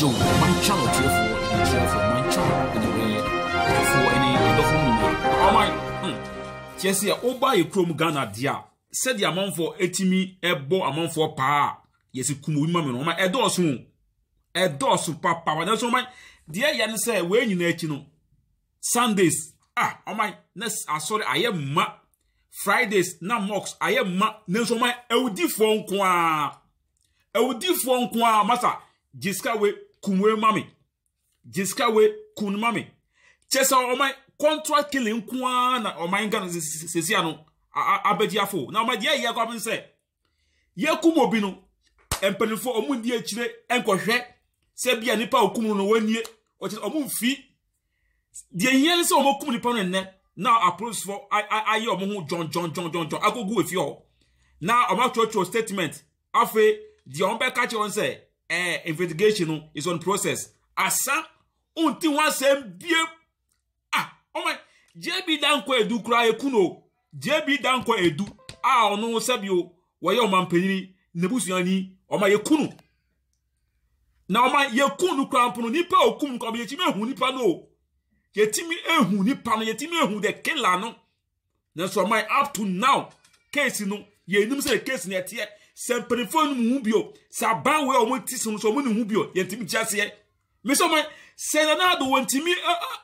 yo my child tier four ɛna tier four my child ɛna ɛyɛ ɛfo ɛne ɛdɔfo nyinaa ɔman hmm tiɛ sɛ ɔba yɛ kurom ghana deɛ sɛdeɛ amanfoɔ ɛtumi ɛbɔ amanfoɔ paa yɛsi kum obi ma mi no ɔman ɛdɔɔso ɛdɔɔso papa wɔn nso ɔman deɛ yɛ no sɛ wɔn nyinaa akyi no sundays ah ɔman na asɔre ah, ayɛ mma fridays na mosque ayɛ mma ne nso ɔman ɛwudifoɔ nko ara ɛwudifoɔ nko ara masa jisika wei kunwe mami jiska we kun mami chesa oman contract killing kwa na oman gana sisi ano abedi afo na oman die ye kwa bense ye kum obi no empenfo omu ndi echire enkohwe se bia nipa okum no wanie omu mfi die yen se omo kum nipa no ne na approach for ayi omo ho john john john john john agogo efi ho na omo church statement afe die on be catch on say eh, investigation is on process asa until one asɛm bie ah oh ɔmɔ JB Dankwa Edu kura eku no JB Dankwa Edu a ah, ɔno sɛbi o wɔyɛ ɔmampanin nebusuani ɔma yɛku no na ɔma yɛku no kura mpono nipa okum no kɔmi yɛtumi ehu nipa no yɛtumi ehu nipa no yɛtumi ehu the killer no nanso ɔma up to now case no yɛnim sɛ case no yɛteɛ sɛ mpanimfoɔ no mu bio sɛ aban wei a wɔn ti so no so wɔn ne ho bio yɛntumi ti aseɛ mesɛ ɔmo sɛ nana do wɔntumi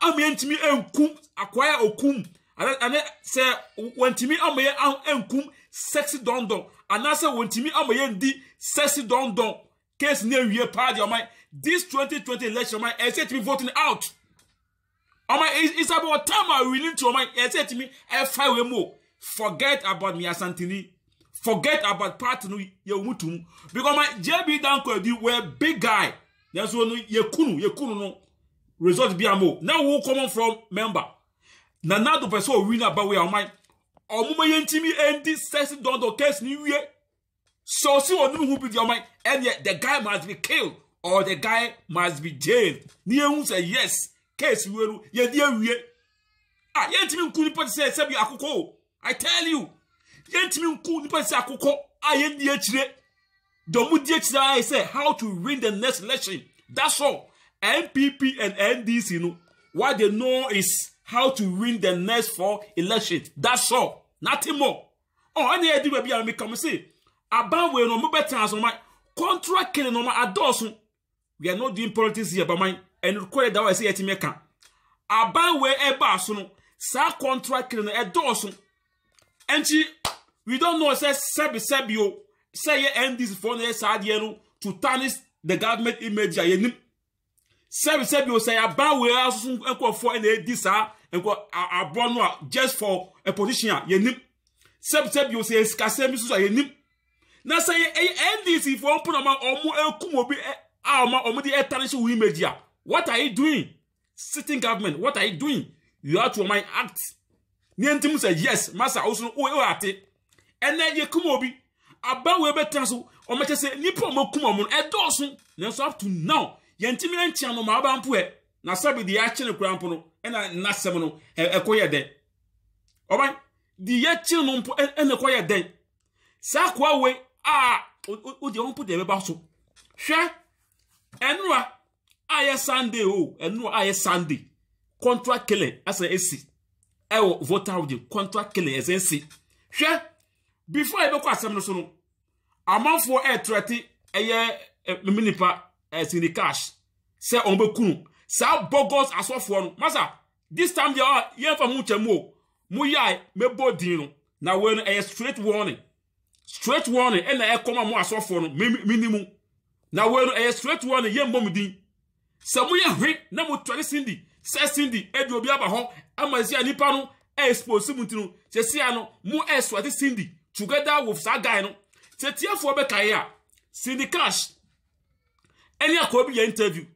ama yɛntumi nkum akwaa a okum ane sɛ wɔntumi ama yɛ nkum sexy dɔndɔn anaasɛ wɔntumi ama yɛ ndi sexy dɔndɔn case ne awie paa deɛ ɔmo this twenty twenty election ɔmo ɛsɛ ti be voting out ọmọ isabu ọtá ma wili ntí ọmọ yẹn sẹ ti mi ẹ fa ìwé mu o forget about mi asantini forget about party no yɛ wɔn tum because my jb danko edi were big guy yɛn so no yɛ kunu yɛ kunu no result bi amu na wɔn common from member na nado pɛ sɛ ɔwi n'aba wei ɔman ɔmo ma yɛ ntumi ɛndi sexy dɔndɔ case ni wie sɛ ɔsi wɔn nimu hu bi di ɔman ɛnna the guy must be killed or the guy must be jailed ni ehu sɛ yes case wei no yɛ di ewie ah yɛ ntumi nku nipa ti sɛ sɛbi akoko i tell you yɛntumi nku nipa sɛ akokɔ a yɛdi akyire deɛ ɔmo di akyire ayɛ sɛ how to win the next election that's all npp and ndc no what they know is how to win the next four elections that's all nothing more ɔ ɛna yɛ di baabi a meka mo se abanwe no ɔmo bɛ tɛn asoma contract kele no ɔmo adɔɔso we are not doing politics here baman ɛnu kɔɛ da wa ɛsɛ yɛ ti mɛ ka abanwe ɛba aso no saa contract kele no ɛdɔɔso ɛnkyi we don't know say sebi sebi o oh. sɛ end this foɔ no yɛ saa no to tarnish the government image a yɛnim sɛbi sɛbi o sɛ yaba wei asoso nkurɔfoɔ na edi saa nkɔ aboɔ no uh, just for a position a yɛnim sɛbi sɛbi o sɛ yɛ sikasɛm bi soso a yɛnim na sɛ yɛ ɛyɛ ndc foɔ mpono ma ɔmo ekum obi a ɔmo ɔmo de tarnish wo image a what are you doing sitting government what are you doing you have to mind act ní ẹni tí yes master. o sọ o yẹ o ɛnɛ yɛ kum obi abawo bɛtena so ɔmɛkyɛ sɛ nipa ɔmɛ kum ɔmo no ɛdɔɔso nanso up to now yɛntumi ɛnkyɛn no maa ɔba mpo yɛ na sabi deɛ akyi ne kura mpo no ɛna n'asɛm no ɛkɔ yɛ dɛn ɔban deɛ akyi no mpo ɛna e, ɛkɔ yɛ dɛn saa akoa wei a o deɛ ɔmpo deɛ ɛbɛba so hwɛ ɛnura a yɛ o ɛnura a yɛ contract kele asan esi ɛwɔ voter house contract kele ɛsɛ esi hwɛ before yɛbɛkɔ asɛm no so no amanfoɔ ɛɛtrɛte eh, eh, ɛyɛ eh, mmemme nipa ɛsini cash sɛ wɔn bɛku no saa bogos asɔfoɔ no masa this time deɛ ɔ yɛmfa mu kyɛ mu o mu yɛ a mɛbɔ din no na wɔn no ɛyɛ straight warning straight warning ɛna ɛkɔm a mu asɔfoɔ no mini mu na wɔn no ɛyɛ straight warning yɛn mbɔ mu din sɛ mu yɛ hwe na mu tɔre sindi sɛ sindi ɛdi obi aba hɔ ama sisi nipa no ɛɛ expose mu ti no sɛ sia no mu ɛɛ sɔte sindi together with saa guy no tetiefoɔ bɛka yi a cindy cash ɛne akɔɔ bi yɛ interview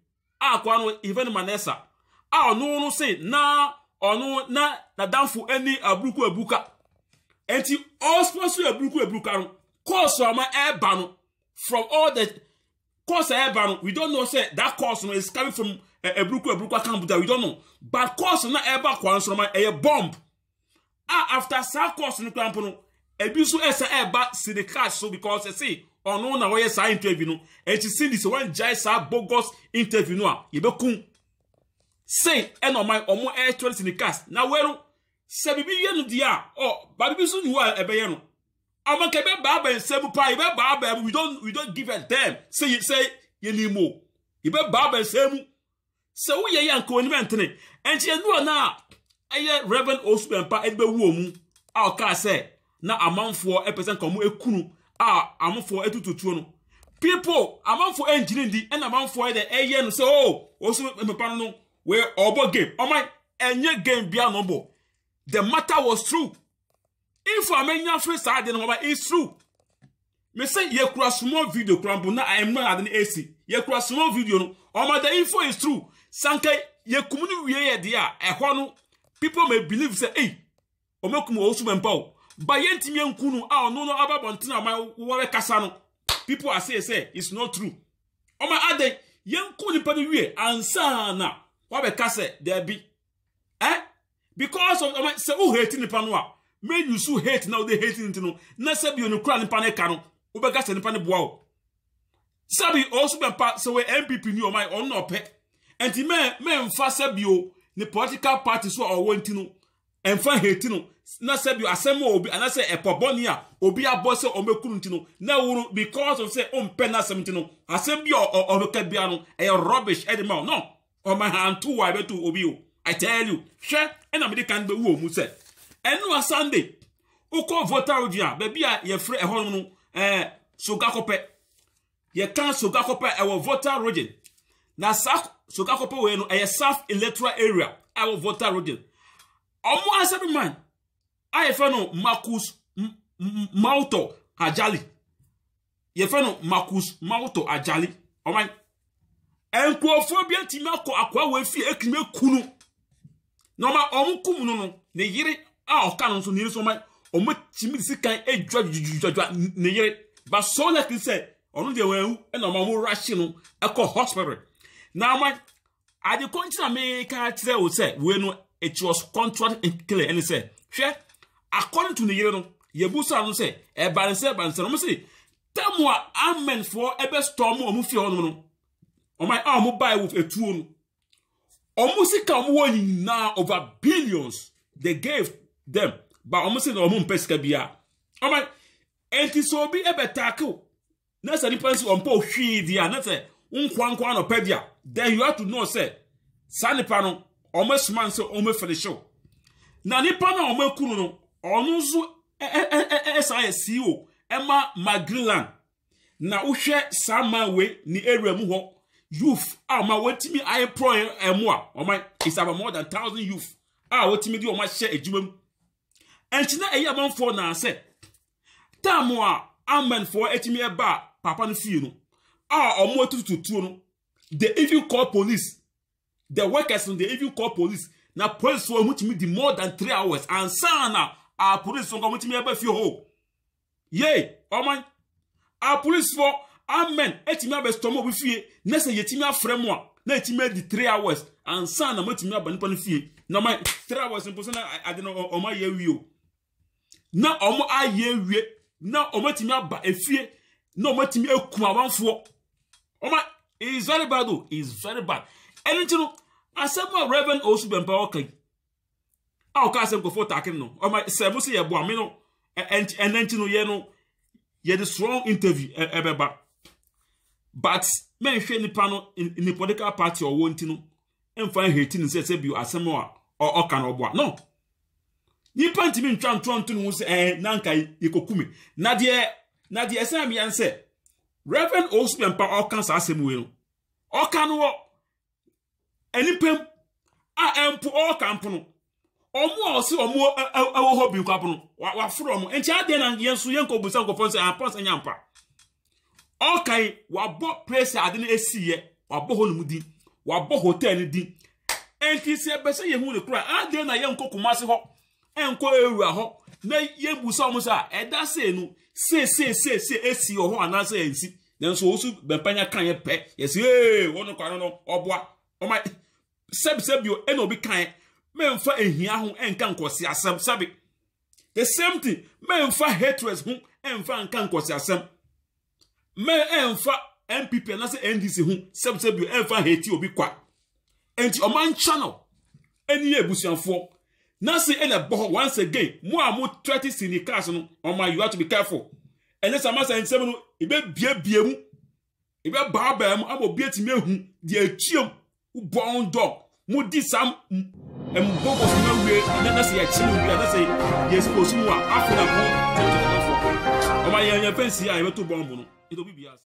a akɔa no even manessa a ɔno no se na ɔno na nadamfo ɛne aburuku aburuka nti ɔsponsor aburuku aburuka no course ama ɛɛba no from all the course ɛɛba no we don't know say that course no is coming from aburuku aburuka camp that we don't know but course na ɛɛba akɔa nsoroma ɛyɛ bomb a after saa course no kura mpo no ebi nso ɛsɛ ɛɛba sinikaas so because ɛsi ɔno na ɔyɛ saa interview no eti cindy sɛ wɔngyae saa bogus interview no a yɛbɛkum sei ɛna ɔman ɔmo ɛɛtwɛre sinikaas na wɛro sɛ bibi yɛ no deɛ oh, a ɔ baabi bi nso ni hɔ a ɛbɛyɛ no amanka ebe baa bɛn nsɛm paa ebe baa bɛn we don we don give a damn sɛ yɛ sɛ mo ebe baa bɛn nsɛm sɛ woyɛ yɛ nka onim ɛntene ɛnkyɛn nua naa ɛyɛ reverend osu bɛnpa ɛde wu omu a ɔkaa sɛ na amanfoɔ ɛpɛ sɛ nka ɔmo ekunu a amanfoɔ etututuo no people amanfoɔ ɛngyina ndi ɛna amanfoɔ ɛdɛ ɛyɛ no sɛ o oh, osu mpepa no wɛ ɔbɔ game ɔman ɛnyɛ game bia na ɔbɔ the matter was true If a menya firi saa adi no ɔman it's true mesɛ yɛkura small video kura mpo na ɛmuna adi no esi yɛkura small video no ɔman the info is true sanke yɛkum no wie yɛ deɛ a ɛhɔ no people may believe say ey ɔmɛkum ɔwɔ sumɛ mpa o ba yɛntumi anku no a ɔno no aba bɔntene a wɔbɛkasa no people are say it's not true ɔma adɛn yɛnku nipa no wie ansa na wɔbɛka sɛ daabi eh because of ɔma sɛ wo hate nipa no a menu so hate na wode hate nti no na sɛ bio no kura nipa no ka no wobɛka sɛ nipa no boa wo sabi ɔso bɛmpa sɛ wɔ npp ni ɔma ɔno na ɔpɛ nti mɛ mɛmfa sɛ bio ne political party so a ɔwɔ nti no ɛmfa heti no na sɛ bi asɛm a obi anaasɛ ɛpɔ bɔni a obi abɔ sɛ ɔmo ekuru ti no na wuru because of sɛ ɔmpɛ n'asɛm ti no asɛm bi a ɔbɛka bia no ɛyɛ rubbish ɛdi ma o no ɔmo ahantu wa ɛbɛtu obi o i tell you hwɛ ɛna mi de kan bɛwu omu sɛ ɛnua sunday wokɔ voter road a baabi a yɛfrɛ ɛhɔ no ɛɛ sogakɔpɛ yɛka sogakɔpɛ ɛwɔ voter road na saa sogakɔpɛ wɔ yɛ no ɛyɛ south electoral area ɛwɔ voter road ɔmo asɛbi man a yɛfɛ no marcus mauto ajali yɛfɛ no marcus mauto ajali ɔman nkurɔfoɔ bi atumi akɔ akɔa wɔ efi ekumi eku no na ɔma ɔmo kum no no ne yere a ɔka no nso ne yere so ɔman ɔmo tìmi si kan edwa dwadwadwa ne yere ba sɔɔla kiri sɛ ɔno deɛ wɔn ewu ɛna ɔmo ɔmo rashi no ɛkɔ hospital na ɔman adekɔ ntina mi ka kyerɛ o sɛ wei no it was contract clear ɛne say, hwɛ according to ne yere no yɛbusa no sɛ ɛbansɛ eh, ɛbansɛ no ɔmo sɛ tɛmu a amanfoɔ ɛbɛ stɔɔ mu ɔmo fie oh, hɔnom no ɔmo a ɔmo baa wɔ etuo no ɔmo sika ɔmo wɔ nyinaa over billions they gave them but ɔmo oh, sɛ na ɔmo oh, mpɛ sika biara ɔmo eti sɛ obi ɛbɛ taakew na sɛ nipa nso ɔmo pɛ ohwii di a na sɛ nkwankwa na ɔpɛ bi a then you have to know sɛ saa nipa no. ɔmɛsoma n sɛ ɔmɛfɛnihyɛw na nipa na ɔmɛkuru no ɔno nso ɛsan yɛ ceo ɛma magriland na wohwɛ saa man wei ne area mu hɔ youth a ɔma wɔtumi ayɛ prɔ ɛmo a ɔma is more than thousand youth a wɔtumi de ɔma hyɛ adwuma mu ɛnkyina ɛyɛ amanfoɔ naasɛ taamu a amanfoɔ etumi ɛba a papa no fie no a ɔmo atututuo no the even call police the workers they even call police na police wɔ mutumi di more than three hours and na a police wɔn mutumi ɛbɛ fi hɔ yee ɔman a police fɔ amen etimi abɛ sɔmɔ obi fie ne sɛ yɛtimi afrɛ mu a na yɛtimi adi three hours ansan na mutumi aba nipa no fie na ɔman three hours mposo oh, oh na adi oh na ɔmo ayɛ ewie o na ɔmo ayɛ ewie na ɔmo etimi aba efie na ɔmo etimi ekum abanfoɔ ɔman it's very bad o it's very bad Anything. ti no asɛm a reverend osu bɛmpa ɔka yi a ɔka asɛm nkɔfoɔ taake no ɔma sɛbo sɛ yɛboa me no ɛnɛ e, e, e nkyi no yɛ no yɛde strong interview ɛbɛba but mɛnhwɛ nipa no ne political party ɔwɔ nti no mfa nhwɛti ne sɛ sɛ bio asɛm a ɔka no ɔboa no nipa ntumi ntwa ntoanto ne ho sɛ ɛɛ eh, nanka yɛkɔkume na deɛ eh, na deɛ ɛsɛn mmeɛ sɛ reverend osu bɛmpa ɔka saa asɛm wei no ɔka no wɔ nnipa a ɛmpo ɔɔka mpo no ɔmo a ɔsi ɔmo ɛwɔ hɔ bi nkwapo no waforo ɔmo nti adeɛ na yɛn nso yɛn nkɔbusa nkɔfɔ nsɛ apɔs ah, ɛnya mpa ɔkan wabɔ pressure ade no esi yɛ wabɔ hɔ nom din wabɔ hotel no din nti sɛ bɛsɛ yɛn ho ne kura adeɛ na yɛn nkɔ kumasi hɔ nkɔ ewura hɔ na yɛn busa ɔmo sɛ a ɛda see no see see see see esi wɔ hɔ anaasɛ yɛn si nanso osu bɛmpanya kan yɛ pɛ yɛsi ee wɔn no kwan no ɔboa ɔma sɛbisɛ bio ɛna obi kan mɛnfa ehia ho ɛnka nkɔsi asɛm sabi the same thing mɛnfa hatred ho ɛnfa nka nkɔsi asɛm mɛ ɛnfa npp anase ndc ho sɛbisɛ bio ɛnfa hati obi kwa nti ɔman channel ɛni yɛ ebusuafoɔ nase ɛna bɔ hɔ once again mo a mo twenty sini cars no ɔma you have to be careful ɛnyɛ sɛ amasa nsɛm no ebe biebie mu ebe baabaa mu ama obi etimi ehu deɛ etuom bɔn dog mo di sam mbɔbɔ so na wie na na sɛ yɛkye no wie na sɛ yɛsikosi mu a na mo tɛntɛn ɔmanfoɔ ɔma yɛn yɛn fɛnsi a yɛbɛto bɔn mu no ɛdɔ bi bi ase.